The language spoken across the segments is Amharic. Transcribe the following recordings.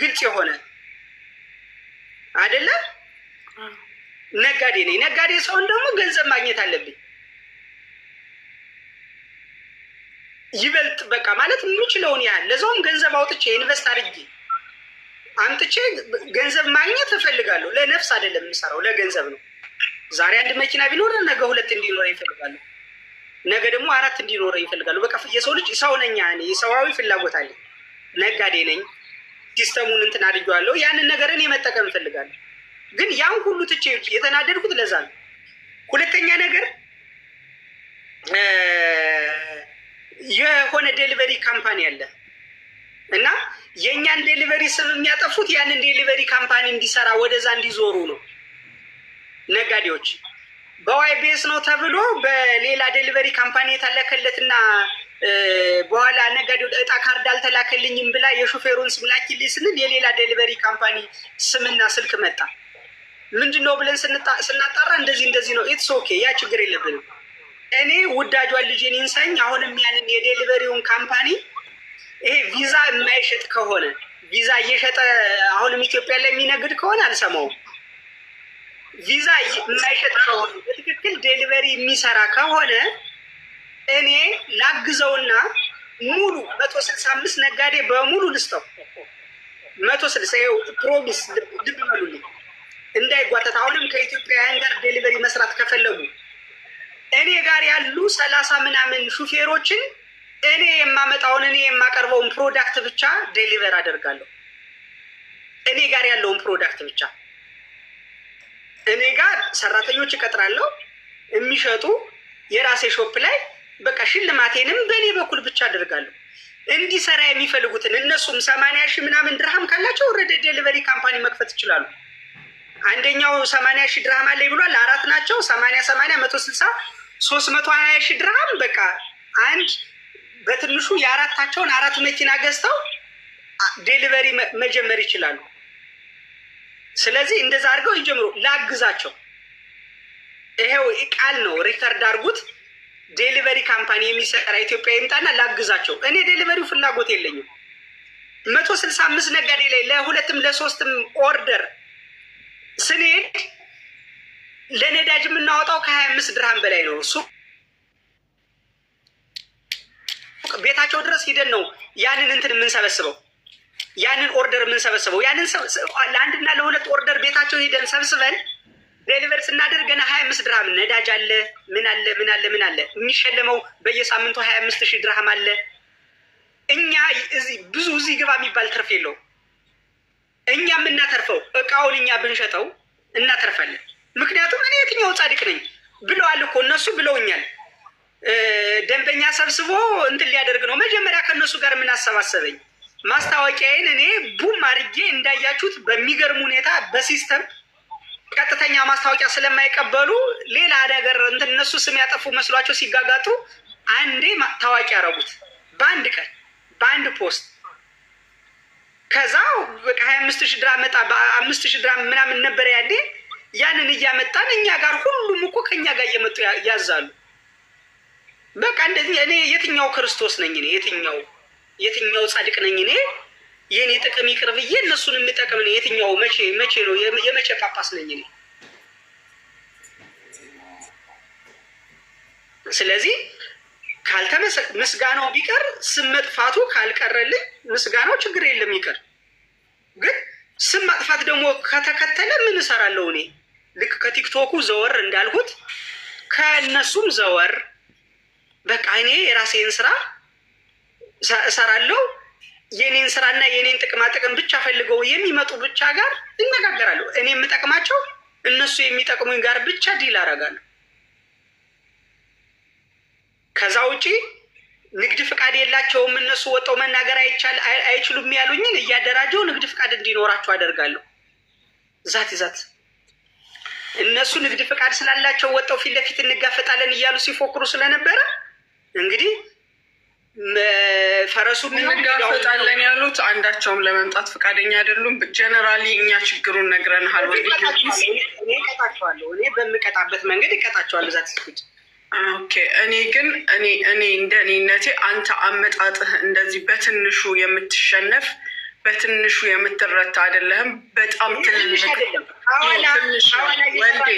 ግልጽ የሆነ አይደለ? ነጋዴ ነኝ። ነጋዴ ሰውን ደግሞ ገንዘብ ማግኘት አለብኝ። ይበልጥ በቃ ማለት የምችለውን ያህል ለዛውም ገንዘብ አውጥቼ ኢንቨስት አድርጌ አምጥቼ ገንዘብ ማግኘት እፈልጋለሁ። ለነፍስ አይደለም የምሰራው፣ ለገንዘብ ነው። ዛሬ አንድ መኪና ቢኖር ነገ ሁለት እንዲኖረ ይፈልጋሉ። ነገ ደግሞ አራት እንዲኖረ ይፈልጋሉ። በቃ የሰው ልጅ ሰው ነኝ፣ የሰዋዊ ፍላጎት አለ ነጋዴ ነኝ። ሲስተሙን እንትን አድርጌዋለሁ። ያንን ነገር እኔ መጠቀም እፈልጋለሁ። ግን ያን ሁሉ ትቼ የተናደድኩት ለዛ ነው። ሁለተኛ ነገር የሆነ ዴሊቨሪ ካምፓኒ አለ እና የእኛን ዴሊቨሪ ስም የሚያጠፉት ያንን ዴሊቨሪ ካምፓኒ እንዲሰራ ወደዛ እንዲዞሩ ነው ነጋዴዎች። በዋይ ቤስ ነው ተብሎ በሌላ ዴሊቨሪ ካምፓኒ የታለከለትና በኋላ ነገድ እጣ ካርድ አልተላከልኝም ብላ የሾፌሩን ስም ላኪልኝ ስንል የሌላ ዴሊቨሪ ካምፓኒ ስምና ስልክ መጣ። ምንድን ነው ብለን ስናጣራ እንደዚህ እንደዚህ ነው። ኢትስ ኦኬ፣ ያ ችግር የለብንም። እኔ ውዳጇን ልጄን ይንሳኝ። አሁንም ያንን የዴሊቨሪውን ካምፓኒ ይሄ ቪዛ የማይሸጥ ከሆነ ቪዛ እየሸጠ አሁንም ኢትዮጵያ ላይ የሚነግድ ከሆነ አልሰማውም። ቪዛ የማይሸጥ ከሆነ በትክክል ዴሊቨሪ የሚሰራ ከሆነ እኔ ላግዘውና ሙሉ መቶ ስልሳ አምስት ነጋዴ በሙሉ ልስጠው። መቶ ስልሳ ይኸው ፕሮሚስ ልብ በሉልኝ እንዳይጓተት። አሁንም ከኢትዮጵያውያን ጋር ዴሊቨሪ መስራት ከፈለጉ እኔ ጋር ያሉ ሰላሳ ምናምን ሹፌሮችን እኔ የማመጣውን እኔ የማቀርበውን ፕሮዳክት ብቻ ዴሊቨር አደርጋለሁ። እኔ ጋር ያለውን ፕሮዳክት ብቻ እኔ ጋር ሰራተኞች እቀጥራለሁ የሚሸጡ የራሴ ሾፕ ላይ በቃ ሽልማቴንም በእኔ በኩል ብቻ አደርጋለሁ። እንዲሰራ የሚፈልጉትን እነሱም ሰማንያ ሺህ ምናምን ድርሃም ካላቸው ወረደ ዴሊቨሪ ካምፓኒ መክፈት ይችላሉ። አንደኛው ሰማንያ ሺህ ድርሃም አለኝ ብሏል። አራት ናቸው። ሰማንያ ሰማንያ መቶ ስልሳ ሶስት መቶ ሀያ ሺህ ድርሃም በቃ አንድ በትንሹ የአራታቸውን አራት መኪና ገዝተው ዴሊቨሪ መጀመር ይችላሉ። ስለዚህ እንደዛ አድርገው ይጀምሩ። ላግዛቸው። ይሄው ቃል ነው። ሪከርድ አድርጉት። ዴሊቨሪ ካምፓኒ የሚሰራ ኢትዮጵያ ይምጣና ላግዛቸው። እኔ ዴሊቨሪው ፍላጎት የለኝም። መቶ ስልሳ አምስት ነጋዴ ላይ ለሁለትም ለሶስትም ኦርደር ስንሄድ ለነዳጅ የምናወጣው ከሀያ አምስት ድርሃን በላይ ነው። እሱ ቤታቸው ድረስ ሂደን ነው ያንን እንትን የምንሰበስበው ያንን ኦርደር የምንሰበስበው ያንን ለአንድና ለሁለት ኦርደር ቤታቸው ሂደን ሰብስበን ዴሊቨር ስናደርግ ገና ሀያ አምስት ድርሃም ነዳጅ አለ፣ ምን አለ፣ ምን አለ፣ ምን አለ። የሚሸለመው በየሳምንቱ ሀያ አምስት ሺህ ድርሃም አለ። እኛ ብዙ እዚህ ግባ የሚባል ትርፍ የለው። እኛ የምናተርፈው እቃውን እኛ ብንሸጠው እናተርፋለን። ምክንያቱም እኔ የትኛው ጻድቅ ነኝ ብለዋል እኮ እነሱ ብለውኛል። ደንበኛ ሰብስቦ እንትን ሊያደርግ ነው። መጀመሪያ ከእነሱ ጋር ምን አሰባሰበኝ? ማስታወቂያዬን እኔ ቡም አድርጌ እንዳያችሁት በሚገርም ሁኔታ በሲስተም ቀጥተኛ ማስታወቂያ ስለማይቀበሉ ሌላ ነገር እንትን እነሱ ስም ያጠፉ መስሏቸው ሲጋጋጡ አንዴ ታዋቂ ያደረጉት በአንድ ቀን በአንድ ፖስት። ከዛው በቃ ሀያ አምስት ሺህ ድራ መጣ በአምስት ሺህ ድራ ምናምን ነበር ያኔ። ያንን እያመጣን እኛ ጋር ሁሉም እኮ ከእኛ ጋር እየመጡ ያዛሉ። በቃ እንደዚህ እኔ የትኛው ክርስቶስ ነኝ? እኔ የትኛው የትኛው ጻድቅ ነኝ እኔ የእኔ ጥቅም ይቅር ብዬ እነሱን የሚጠቅም ነው የትኛው? መቼ መቼ ነው የመቼ ጳጳስ ነኝ እኔ? ስለዚህ ምስጋናው ቢቀር ስም መጥፋቱ ካልቀረልኝ ምስጋናው ችግር የለም ይቀር። ግን ስም ማጥፋት ደግሞ ከተከተለ ምን እሰራለሁ እኔ? ልክ ከቲክቶኩ ዘወር እንዳልኩት ከእነሱም ዘወር። በቃ እኔ የራሴን ስራ እሰራለሁ። የኔን ስራና የኔን ጥቅማ ጥቅም ብቻ ፈልገው የሚመጡ ብቻ ጋር ይነጋገራሉ። እኔ የምጠቅማቸው እነሱ የሚጠቅሙኝ ጋር ብቻ ዲል አደርጋለሁ። ከዛ ውጪ ንግድ ፍቃድ የላቸውም እነሱ ወጠው መናገር አይችሉም ያሉኝን እያደራጀው ንግድ ፍቃድ እንዲኖራቸው አደርጋለሁ። ዛት ዛት እነሱ ንግድ ፍቃድ ስላላቸው ወጠው ፊት ለፊት እንጋፈጣለን እያሉ ሲፎክሩ ስለነበረ እንግዲህ ፈረሱ እንጋፈጣለን ያሉት አንዳቸውም ለመምጣት ፈቃደኛ አይደሉም። ጀነራሊ እኛ ችግሩን ነግረንሃል። እቀጣቸዋለሁ፣ እኔ በምቀጣበት መንገድ ይቀጣቸዋል። ዛት ስኩት ኦኬ። እኔ ግን እኔ እኔ እንደ እኔነቴ አንተ አመጣጥህ እንደዚህ በትንሹ የምትሸነፍ በትንሹ የምትረታ አይደለህም። በጣም ትንሽ ትንሽ ወንዴ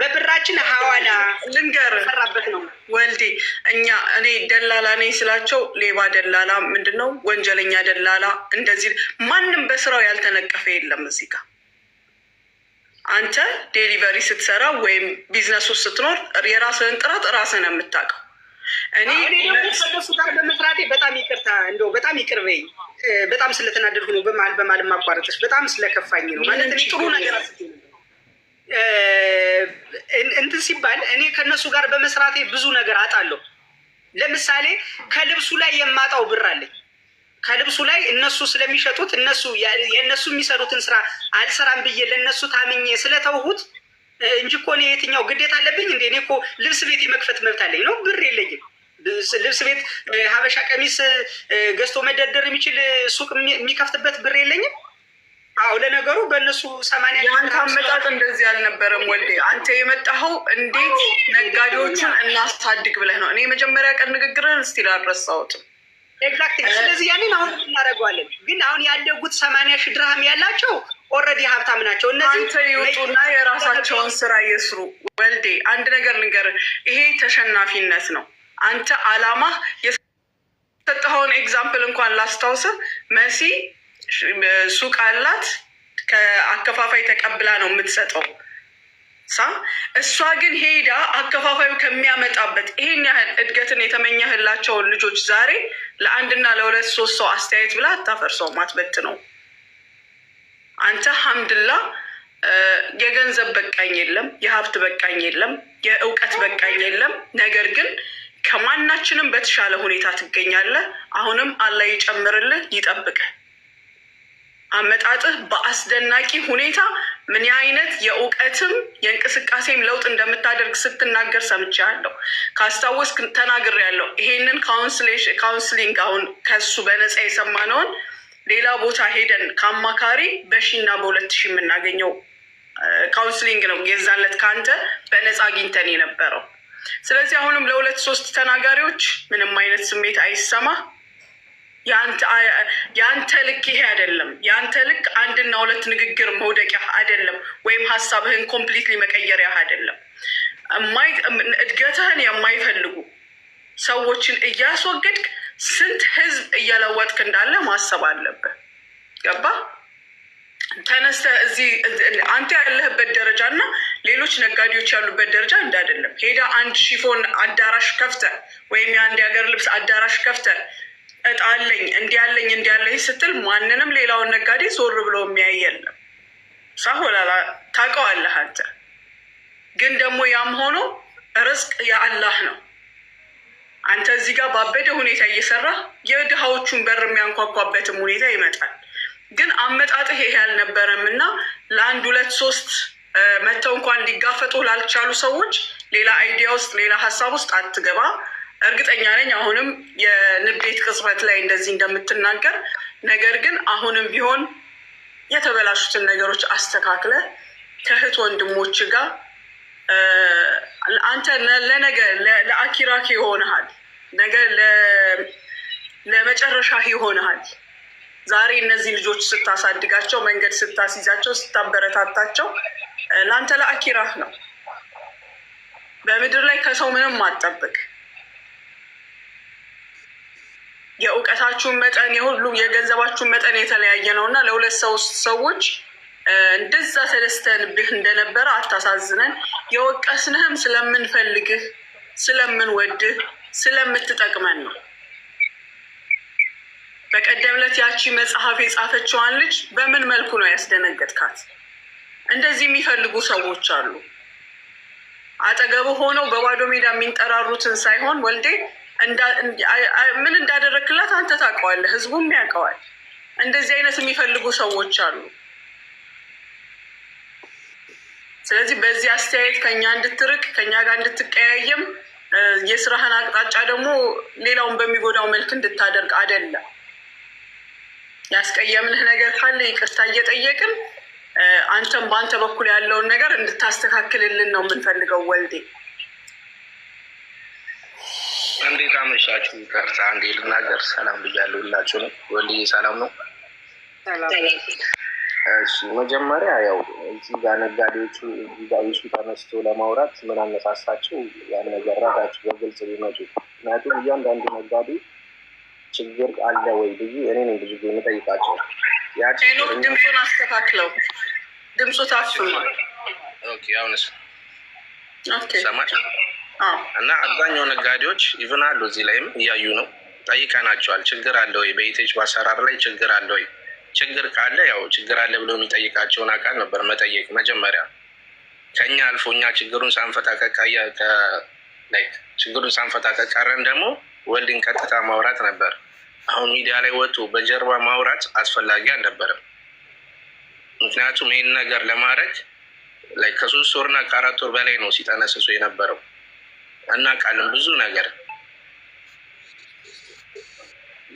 በብራችን ሀዋላ ልንገር ሰራበት ነው ወልዴ። እኛ እኔ ደላላ ነኝ ስላቸው ሌባ ደላላ ምንድን ነው ወንጀለኛ ደላላ እንደዚህ ማንም በስራው ያልተነቀፈ የለም እዚህ ጋር አንተ ዴሊቨሪ ስትሰራ ወይም ቢዝነስ ውስጥ ስትኖር የራስህን ጥረት ራስህን የምታውቀው። እኔ ከእነሱ ጋር በመስራቴ በጣም ይቅርታ እንደ በጣም ይቅር በይኝ። በጣም ስለተናደድኩ ነው በመሀል በመሀል የማቋረጥሽ። በጣም ስለከፋኝ ነው ማለት ጥሩ ነገር እንትን ሲባል እኔ ከእነሱ ጋር በመስራቴ ብዙ ነገር አጣለሁ። ለምሳሌ ከልብሱ ላይ የማጣው ብር አለኝ። ከልብሱ ላይ እነሱ ስለሚሸጡት እነሱ የእነሱ የሚሰሩትን ስራ አልሰራም ብዬ ለእነሱ ታምኜ ስለተውሁት እንጂ እኮ እኔ የትኛው ግዴታ አለብኝ እንዴ? እኔ እኮ ልብስ ቤት የመክፈት መብት አለኝ ነው፣ ብር የለኝም። ልብስ ቤት ሀበሻ ቀሚስ ገዝቶ መደርደር የሚችል ሱቅ የሚከፍትበት ብር የለኝም። አዎ ለነገሩ በእነሱ ሰማንያ የአንተ አመጣጥ እንደዚህ አልነበረም ወልዴ። አንተ የመጣኸው እንዴት ነጋዴዎቹን እናሳድግ ብለህ ነው። እኔ የመጀመሪያ ቀን ንግግርህን እስቲል አልረሳሁትም። ኤግዛክት። ስለዚህ ያንን አሁን እናደርገዋለን። ግን አሁን ያደጉት ሰማንያ ሺህ ድርሃም ያላቸው ኦልሬዲ ሀብታም ናቸው። እነዚህ አንተ ይውጡና የራሳቸውን ስራ እየስሩ ወልዴ አንድ ነገር ንገር። ይሄ ተሸናፊነት ነው። አንተ አላማ የሰጠኸውን ኤግዛምፕል እንኳን ላስታውስ መሲ ሱቅ አላት ከአከፋፋይ ተቀብላ ነው የምትሰጠው ሳ እሷ ግን ሄዳ አከፋፋዩ ከሚያመጣበት ይሄን ያህል እድገትን የተመኘህላቸውን ልጆች ዛሬ ለአንድና ለሁለት ሶስት ሰው አስተያየት ብላ ማትበት ነው። አንተ ሀምድላ የገንዘብ በቃኝ የለም፣ የሀብት በቃኝ የለም፣ የእውቀት በቃኝ የለም። ነገር ግን ከማናችንም በተሻለ ሁኔታ ትገኛለህ። አሁንም አላህ ይጨምርልህ፣ ይጠብቅህ። አመጣጥህ በአስደናቂ ሁኔታ ምን አይነት የእውቀትም የእንቅስቃሴም ለውጥ እንደምታደርግ ስትናገር ሰምቻለሁ። ካስታወስክ ተናግሬያለሁ። ይሄንን ካውንስሊንግ አሁን ከሱ በነፃ የሰማነውን ሌላ ቦታ ሄደን ከአማካሪ በሺና በሁለት ሺ የምናገኘው ካውንስሊንግ ነው። የዛለት ከአንተ በነፃ አግኝተን የነበረው። ስለዚህ አሁንም ለሁለት ሶስት ተናጋሪዎች ምንም አይነት ስሜት አይሰማ የአንተ ልክ ይሄ አይደለም። የአንተ ልክ አንድና ሁለት ንግግር መውደቂያ አይደለም፣ ወይም ሀሳብህን ኮምፕሊትሊ መቀየሪያ አይደለም። እድገትህን የማይፈልጉ ሰዎችን እያስወገድክ ስንት ህዝብ እየለወጥክ እንዳለ ማሰብ አለብህ። ገባ? ተነስተ እዚህ አንተ ያለህበት ደረጃ እና ሌሎች ነጋዴዎች ያሉበት ደረጃ እንዳይደለም ሄዳ አንድ ሺፎን አዳራሽ ከፍተ ወይም የአንድ የሀገር ልብስ አዳራሽ ከፍተ? እጣ አለኝ እንዲያለኝ እንዲያለኝ ስትል ማንንም ሌላውን ነጋዴ ዞር ብሎ የሚያይ የለም። ሳሆላላ ታውቀዋለህ አንተ። ግን ደግሞ ያም ሆኖ ርዝቅ የአላህ ነው። አንተ እዚህ ጋር ባበደ ሁኔታ እየሰራ የድሃዎቹን በር የሚያንኳኳበትም ሁኔታ ይመጣል። ግን አመጣጥህ ይሄ አልነበረም እና ለአንድ ሁለት ሶስት መተው እንኳን ሊጋፈጡ ላልቻሉ ሰዎች ሌላ አይዲያ ውስጥ ሌላ ሀሳብ ውስጥ አትገባ። እርግጠኛ ነኝ አሁንም የንቤት ቅጽበት ላይ እንደዚህ እንደምትናገር። ነገር ግን አሁንም ቢሆን የተበላሹትን ነገሮች አስተካክለ ከእህት ወንድሞች ጋር አንተ ለነገ ለአኪራክ ይሆንሃል፣ ነገ ለመጨረሻ ይሆንሃል። ዛሬ እነዚህ ልጆች ስታሳድጋቸው፣ መንገድ ስታስይዛቸው፣ ስታበረታታቸው ለአንተ ለአኪራህ ነው። በምድር ላይ ከሰው ምንም አትጠብቅ። የእውቀታችሁን መጠን የሁሉም የገንዘባችሁን መጠን የተለያየ ነው እና ለሁለት ሰው ሰዎች እንደዛ ተደስተንብህ እንደነበረ አታሳዝነን። የወቀስንህም ስለምንፈልግህ ስለምንወድህ ስለምትጠቅመን ነው። በቀደም ዕለት ያቺ መጽሐፍ የጻፈችዋን ልጅ በምን መልኩ ነው ያስደነገጥካት? እንደዚህ የሚፈልጉ ሰዎች አሉ። አጠገቡ ሆነው በባዶ ሜዳ የሚንጠራሩትን ሳይሆን ወልዴ ምን እንዳደረግላት አንተ ታውቀዋለህ፣ ህዝቡም ያውቀዋል። እንደዚህ አይነት የሚፈልጉ ሰዎች አሉ። ስለዚህ በዚህ አስተያየት ከኛ እንድትርቅ ከኛ ጋር እንድትቀያየም የስራህን አቅጣጫ ደግሞ ሌላውን በሚጎዳው መልክ እንድታደርግ አይደለም። ያስቀየምንህ ነገር ካለ ይቅርታ እየጠየቅን አንተም በአንተ በኩል ያለውን ነገር እንድታስተካክልልን ነው የምንፈልገው ወልዴ። እንዴት አመሻችሁ? ይቀርታ አንዴ ልናገር። ሰላም ብያለሁ ሁላችሁ ነው። ወንድዬ ሰላም ነው። እሺ መጀመሪያ ያው እዚህ ጋር ነጋዴዎቹ እዚህ ጋር ይሱ ተነስቶ ለማውራት ምን አነሳሳቸው? ያን ነገር ራሳቸው በግልጽ ሊመጡ። ምክንያቱም እያንዳንዱ ነጋዴ ችግር አለ ወይ ብዙ እኔ ነኝ ብዙ ጊዜ የምጠይቃቸው ድምፁን አስተካክለው፣ ድምፁ ታፍኗል። ኦኬ አሁንስ ሰማች እና አብዛኛው ነጋዴዎች ኢቭን አሉ እዚህ ላይም እያዩ ነው። ጠይቀናቸዋል። ችግር አለ ወይ በኢቴች በአሰራር ላይ ችግር አለ ወይ? ችግር ካለ ያው ችግር አለ ብሎ የሚጠይቃቸውን አካል ነበር መጠየቅ መጀመሪያ። ከኛ አልፎ እኛ ችግሩን ሳንፈታ ችግሩን ሳንፈታ ከቀረን ደግሞ ወልድን ቀጥታ ማውራት ነበር። አሁን ሚዲያ ላይ ወጡ በጀርባ ማውራት አስፈላጊ አልነበረም። ምክንያቱም ይህን ነገር ለማድረግ ከሶስት ወርና ከአራት ወር በላይ ነው ሲጠነስሱ የነበረው። እናውቃለን ብዙ ነገር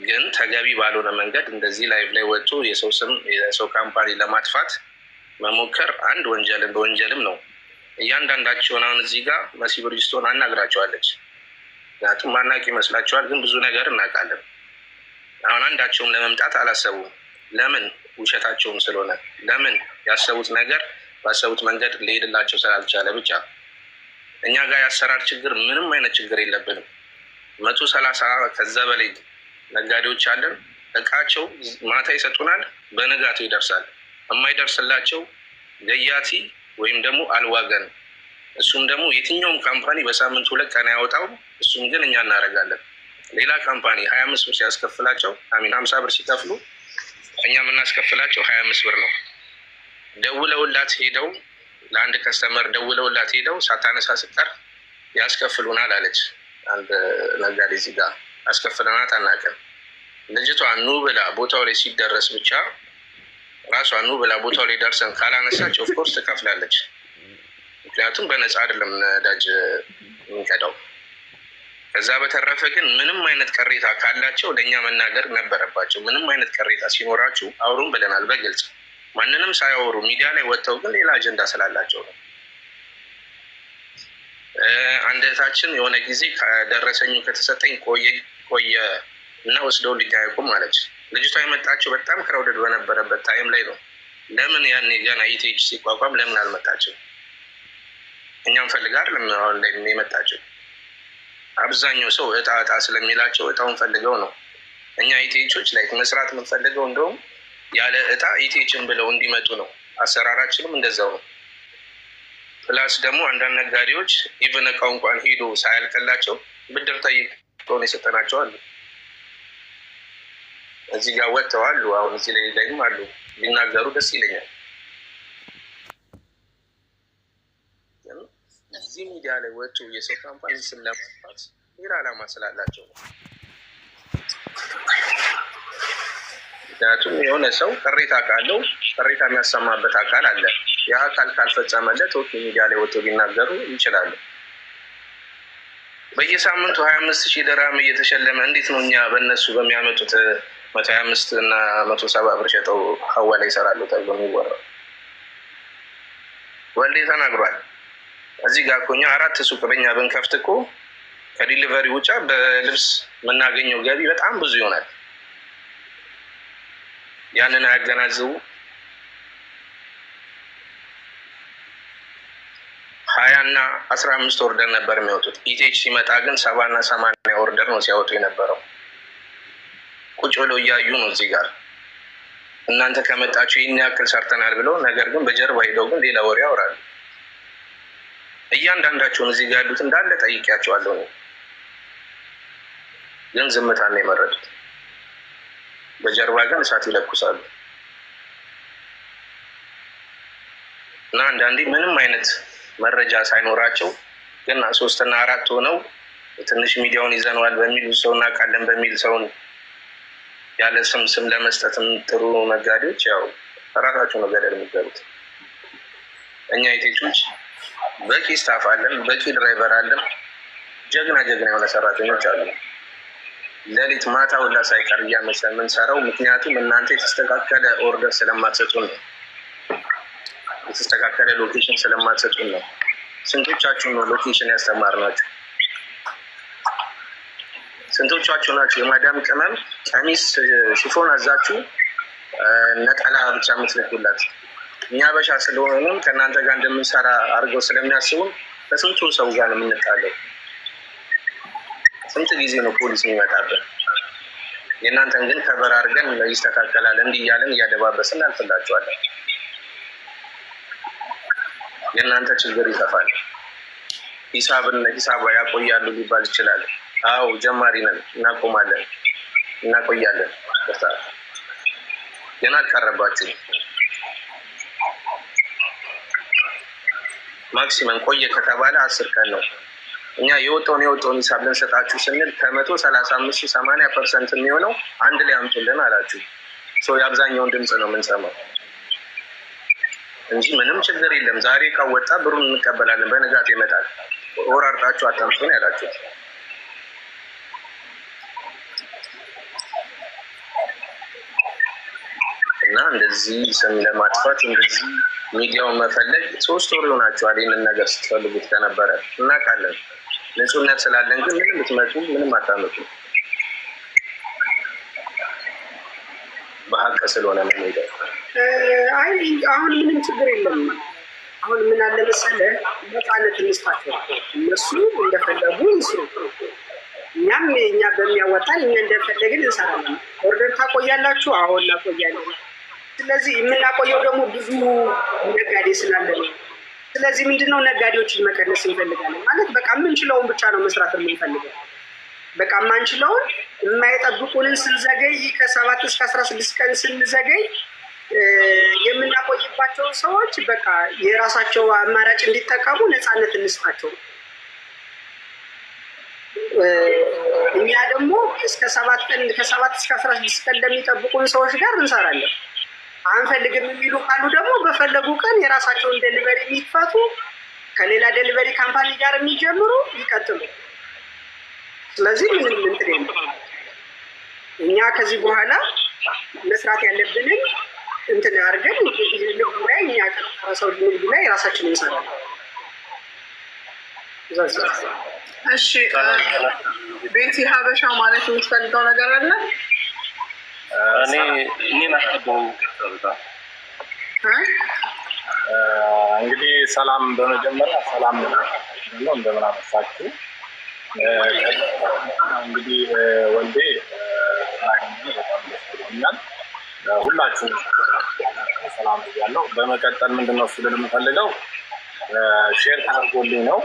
ግን ተገቢ ባልሆነ መንገድ እንደዚህ ላይፍ ላይ ወጡ የሰው ስም የሰው ካምፓኒ ለማጥፋት መሞከር አንድ ወንጀልም በወንጀልም ነው። እያንዳንዳቸውን አሁን እዚህ ጋር መሲ ብርጅስቶን አናግራቸዋለች። ምክንያቱም ማናቅ ይመስላቸዋል፣ ግን ብዙ ነገር እናውቃለን። አሁን አንዳቸውም ለመምጣት አላሰቡም። ለምን? ውሸታቸውም ስለሆነ። ለምን? ያሰቡት ነገር ባሰቡት መንገድ ሊሄድላቸው ስላልቻለ ብቻ እኛ ጋር የአሰራር ችግር ምንም አይነት ችግር የለብንም። መቶ ሰላሳ ከዛ በላይ ነጋዴዎች አለን። እቃቸው ማታ ይሰጡናል፣ በንጋቱ ይደርሳል። የማይደርስላቸው ገያቲ ወይም ደግሞ አልዋገን እሱም ደግሞ የትኛውም ካምፓኒ በሳምንት ሁለት ቀን ያወጣው እሱም ግን እኛ እናደርጋለን። ሌላ ካምፓኒ ሀያ አምስት ብር ሲያስከፍላቸው አሚን ሀምሳ ብር ሲከፍሉ እኛ የምናስከፍላቸው ሀያ አምስት ብር ነው። ደውለውላት ሄደው ለአንድ ከስተመር ደውለውላት ሄደው ሳታነሳ ስቀር ያስከፍሉናል አለች። አንድ ነጋዴ እዚህ ጋር አስከፍለናት አናውቅም። ልጅቷ ኑ ብላ ቦታው ላይ ሲደረስ ብቻ ራሷ ኑ ብላ ቦታው ላይ ደርሰን ካላነሳች ኦፍኮርስ ትከፍላለች። ምክንያቱም በነፃ አይደለም ነዳጅ የምንቀዳው። ከዛ በተረፈ ግን ምንም አይነት ቅሬታ ካላቸው ለእኛ መናገር ነበረባቸው። ምንም አይነት ቅሬታ ሲኖራችሁ አውሩም ብለናል በግልጽ። ማንንም ሳያወሩ ሚዲያ ላይ ወጥተው ግን ሌላ አጀንዳ ስላላቸው ነው። አንድ እህታችን የሆነ ጊዜ ከደረሰኙ ከተሰጠኝ ቆየ ቆየ እና ወስደው ሊታያቁ አለች። ልጅቷ የመጣችው በጣም ክረውደድ በነበረበት ታይም ላይ ነው። ለምን ያኔ ገና ኢቲኤች ሲቋቋም ለምን አልመጣችው? እኛም ፈልጋ አይደለም አሁን ላይ የመጣችው። አብዛኛው ሰው እጣ እጣ ስለሚላቸው እጣውን ፈልገው ነው። እኛ ኢቲኤቾች ላይ መስራት የምንፈልገው እንደውም ያለ እጣ ኢቴችን ብለው እንዲመጡ ነው። አሰራራችንም እንደዛው ነው። ፕላስ ደግሞ አንዳንድ ነጋዴዎች ኢቨን እቃው እንኳን ሄዶ ሳያልቅላቸው ብድር ጠይቀውን የሰጠናቸው አሉ። እዚህ ጋር ወጥተው አሉ። አሁን እዚህ ላይ ላይም አሉ። ሊናገሩ ደስ ይለኛል። እዚህ ሚዲያ ላይ ወጡ የሰው ካምፓኒ ስም ለማጥፋት ሌላ ዓላማ ስላላቸው ነው። ምክንያቱም የሆነ ሰው ቅሬታ ካለው ቅሬታ የሚያሰማበት አካል አለ። ያ አካል ካልፈጸመለት ኦኬ ሚዲያ ላይ ወጥቶ ሊናገሩ ይችላሉ። በየሳምንቱ ሀያ አምስት ሺህ ድርሃም እየተሸለመ እንዴት ነው እኛ በእነሱ በሚያመጡት መቶ ሀያ አምስት እና መቶ ሰባ ብር ሸጠው ሀዋ ላይ ይሰራሉ ተብሎ የሚወራው ወልዴ ተናግሯል። እዚህ ጋር እኮ እኛ አራት ሱቅ በኛ ብንከፍት እኮ ከዲሊቨሪ ውጫ በልብስ የምናገኘው ገቢ በጣም ብዙ ይሆናል። ያንን አያገናዝቡ ሀያና አስራ አምስት ኦርደር ነበር የሚወጡት። ኢቴች ሲመጣ ግን ሰባና ሰማንያ ኦርደር ነው ሲያወጡ የነበረው። ቁጭ ብለው እያዩ ነው እዚህ ጋር እናንተ ከመጣችሁ ይህን ያክል ሰርተናል ብለው፣ ነገር ግን በጀርባ ሄደው ግን ሌላ ወሬ ያወራሉ። እያንዳንዳቸውን እዚህ ጋር ያሉት እንዳለ ጠይቂያቸዋለሁ፣ ግን ዝምታን ነው የመረጡት። በጀርባ ግን እሳት ይለኩሳሉ እና አንዳንዴ ምንም አይነት መረጃ ሳይኖራቸው ግን ሶስትና አራት ሆነው ትንሽ ሚዲያውን ይዘነዋል በሚል ሰው እናውቃለን በሚል ሰውን ያለ ስም ስም ለመስጠትም ጥሩ ነጋዴዎች ያው ራሳቸው ነው የሚገቡት። እኛ ኢቴቾች በቂ ስታፍ አለን፣ በቂ ድራይቨር አለን፣ ጀግና ጀግና የሆነ ሰራተኞች አሉ። ሌሊት ማታ ሁላ ሳይቀር እያመሸ የምንሰራው ምክንያቱም እናንተ የተስተካከለ ኦርደር ስለማትሰጡ ነው። የተስተካከለ ሎኬሽን ስለማትሰጡን ነው። ስንቶቻችሁ ነው ሎኬሽን ያስተማርናችሁ? ስንቶቻችሁ ናችሁ የማዳም ቅመም ቀሚስ ሽፎን አዛችሁ ነጠላ ብቻ የምትልኩላት? እኛ በሻ ስለሆኑም ከእናንተ ጋር እንደምንሰራ አድርገው ስለሚያስቡን ከስንቱ ሰው ጋር ነው የምንጣለው። ስንት ጊዜ ነው ፖሊስ የሚመጣብን? የእናንተን ግን ከበር አድርገን ይስተካከላል እንዲህ እያለን እያደባበስን እናልፍላቸዋለን። የእናንተ ችግር ይጠፋል። ሂሳብን ሂሳብ ያቆያሉ ሊባል ይችላል። አዎ ጀማሪ ነን፣ እናቆማለን፣ እናቆያለን። ገና አልቀረባችሁ። ማክሲመም ቆየ ከተባለ አስር ቀን ነው። እኛ የወጣውን የወጣውን ሂሳብ ልንሰጣችሁ ስንል ከመቶ ሰላሳ አምስት ሰማንያ ፐርሰንት የሚሆነው አንድ ላይ አምጡልን አላችሁ። የአብዛኛውን ድምፅ ነው የምንሰማው እንጂ ምንም ችግር የለም። ዛሬ ካወጣ ብሩን እንቀበላለን፣ በንጋት ይመጣል። አርዳችሁ አታምጡን ያላችሁ እና እንደዚህ ስም ለማጥፋት እንደዚህ ሚዲያውን መፈለግ ሶስት ወር ይሆናችኋል። ይህንን ነገር ስትፈልጉት ከነበረ እናውቃለን። ንጹህነት ስላለን ግን ምንም ብትመጡ ምንም አታመጡ። በሀቅ ስለሆነ ምን ሄደ። አይ አሁን ምንም ችግር የለም። አሁን ምን አለ መሰለህ ነፃነት እንስጣቸው። እነሱ እንደፈለጉ ይስሩ፣ እኛም እኛ በሚያወጣን እኛ እንደፈለግን እንሰራለን። ኦርደር ታቆያላችሁ? አሁን እናቆያለን። ስለዚህ የምናቆየው ደግሞ ብዙ ነጋዴ ስላለ ነው ስለዚህ ምንድነው ነጋዴዎችን መቀነስ እንፈልጋለን ማለት በቃ የምንችለውን ብቻ ነው መስራት የምንፈልገው። በቃ የማንችለውን የማይጠብቁንን ስንዘገይ ከሰባት እስከ አስራ ስድስት ቀን ስንዘገይ የምናቆይባቸው ሰዎች በቃ የራሳቸው አማራጭ እንዲጠቀሙ ነፃነት እንስጣቸው። እኛ ደግሞ እስከ ሰባት ቀን ከሰባት እስከ አስራ ስድስት ቀን እንደሚጠብቁን ሰዎች ጋር እንሰራለን። አንፈልግም የሚሉ ካሉ ደግሞ በፈለጉ ቀን የራሳቸውን ደሊቨሪ የሚፈቱ ከሌላ ደሊቨሪ ካምፓኒ ጋር የሚጀምሩ ይቀጥሉ። ስለዚህ ምንም እንትን የለም። እኛ ከዚህ በኋላ መስራት ያለብንን እንትን አድርገን ልቡ ላይ እኛ ሰው ልቡ ላይ የራሳችን እንሰራለን። እሺ ቤቲ ሀበሻ ማለት የምትፈልገው ነገር አለ? እኔ እንግዲህ ሰላም፣ በመጀመሪያ ሰላም ነው፣ እንደምን አመሳችሁ። እንግዲህ ወልዴ በጣም ደስ ብሎኛል። ሰላም ያለው። በመቀጠል ምንድነው ስል የምፈልገው ሼር ተደርጎልኝ ነው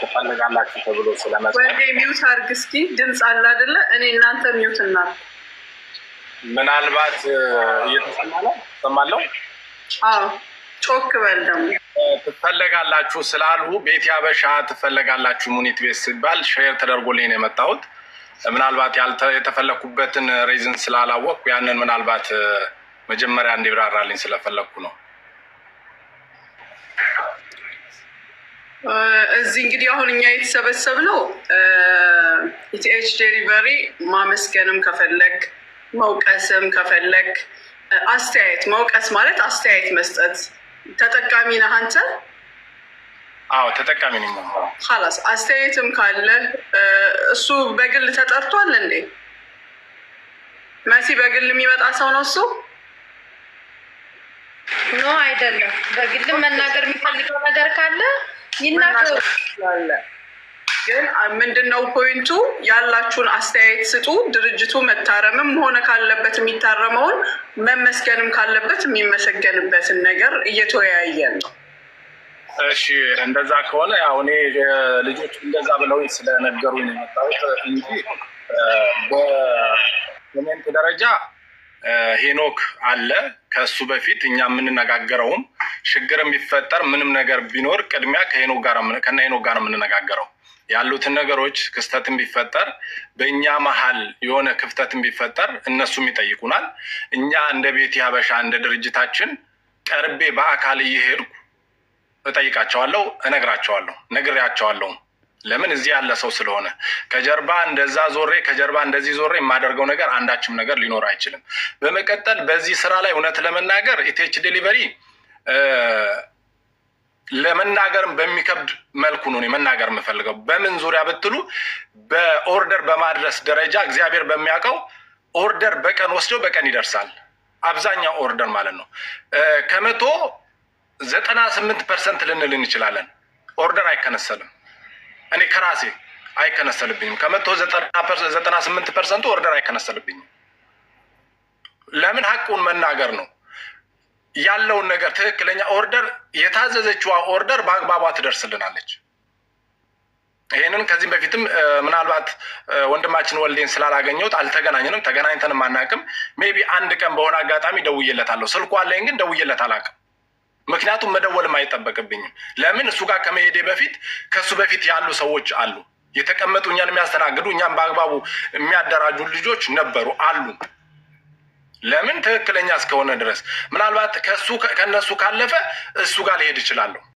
ትፈልጋላችሁ ተብሎ ስለመጣ ወልዴ ሚውት አድርግ እስኪ ድምፅ አለ አይደለ? እኔ እናንተ ሚውት እናት ምናልባት እየተሰማ ነው ሰማለው። ጮክ በል ደግሞ ትፈለጋላችሁ ስላልሁ ቤት ያበሻ ትፈለጋላችሁ ሙኒት ቤት ሲባል ሼር ተደርጎልኝ ነው የመጣሁት። ምናልባት የተፈለግኩበትን ሬዝን ስላላወቅኩ ያንን ምናልባት መጀመሪያ እንዲብራራልኝ ስለፈለግኩ ነው። እዚህ እንግዲህ አሁን እኛ የተሰበሰብነው ኢቲኤች ዴሊቨሪ ማመስገንም ከፈለግ መውቀስም ከፈለግ አስተያየት መውቀስ ማለት አስተያየት መስጠት ተጠቃሚ ነህ አንተ? አዎ ተጠቃሚ ነኝ። ላስ አስተያየትም ካለ እሱ በግል ተጠርቷል እንዴ? መሲ በግል የሚመጣ ሰው ነው እሱ? ኖ አይደለም። በግል መናገር የሚፈልገው ነገር ካለ ይናገሩ። ግን ምንድነው ፖይንቱ? ያላችሁን አስተያየት ስጡ። ድርጅቱ መታረምም ሆነ ካለበት የሚታረመውን መመስገንም ካለበት የሚመሰገንበትን ነገር እየተወያየ ነው። እሺ እንደዛ ከሆነ ያው እኔ ልጆች እንደዛ ብለው ስለነገሩኝ የመጣሁት እንጂ በኮሜንት ደረጃ ሄኖክ አለ። ከሱ በፊት እኛ የምንነጋገረውም ችግር የሚፈጠር ምንም ነገር ቢኖር ቅድሚያ ከነ ሄኖክ ጋር የምንነጋገረው ያሉትን ነገሮች ክስተትን ቢፈጠር በእኛ መሀል የሆነ ክፍተትን ቢፈጠር እነሱም ይጠይቁናል። እኛ እንደ ቤት ሀበሻ እንደ ድርጅታችን ቀርቤ በአካል እየሄድኩ እጠይቃቸዋለሁ፣ እነግራቸዋለሁ፣ ነግሬያቸዋለሁም ለምን እዚህ ያለ ሰው ስለሆነ ከጀርባ እንደዛ ዞሬ ከጀርባ እንደዚህ ዞሬ የማደርገው ነገር አንዳችም ነገር ሊኖር አይችልም። በመቀጠል በዚህ ስራ ላይ እውነት ለመናገር ኢቴች ዴሊቨሪ ለመናገርም በሚከብድ መልኩ ነው መናገር የምፈልገው። በምን ዙሪያ ብትሉ በኦርደር በማድረስ ደረጃ እግዚአብሔር በሚያውቀው ኦርደር በቀን ወስደው በቀን ይደርሳል። አብዛኛው ኦርደር ማለት ነው ከመቶ ዘጠና ስምንት ፐርሰንት ልንል እንችላለን። ኦርደር አይከነሰልም። እኔ ከራሴ አይከነሰልብኝም። ከመቶ ዘጠና ስምንት ፐርሰንቱ ኦርደር አይከነሰልብኝም። ለምን ሀቁን መናገር ነው ያለውን ነገር ትክክለኛ ኦርደር የታዘዘችዋ ኦርደር በአግባቧ ትደርስልናለች። ይህንን ከዚህም በፊትም ምናልባት ወንድማችን ወልዴን ስላላገኘሁት አልተገናኘንም፣ ተገናኝተንም አናውቅም። ሜይ ቢ አንድ ቀን በሆነ አጋጣሚ ደውዬለታለሁ። ስልኩ አለኝ፣ ግን ደውዬለት አላውቅም። ምክንያቱም መደወልም አይጠበቅብኝም። ለምን እሱ ጋር ከመሄዴ በፊት ከእሱ በፊት ያሉ ሰዎች አሉ የተቀመጡ እኛን የሚያስተናግዱ እኛን በአግባቡ የሚያደራጁ ልጆች ነበሩ አሉ። ለምን ትክክለኛ እስከሆነ ድረስ ምናልባት ከእሱ ከእነሱ ካለፈ እሱ ጋር ሊሄድ ይችላለሁ።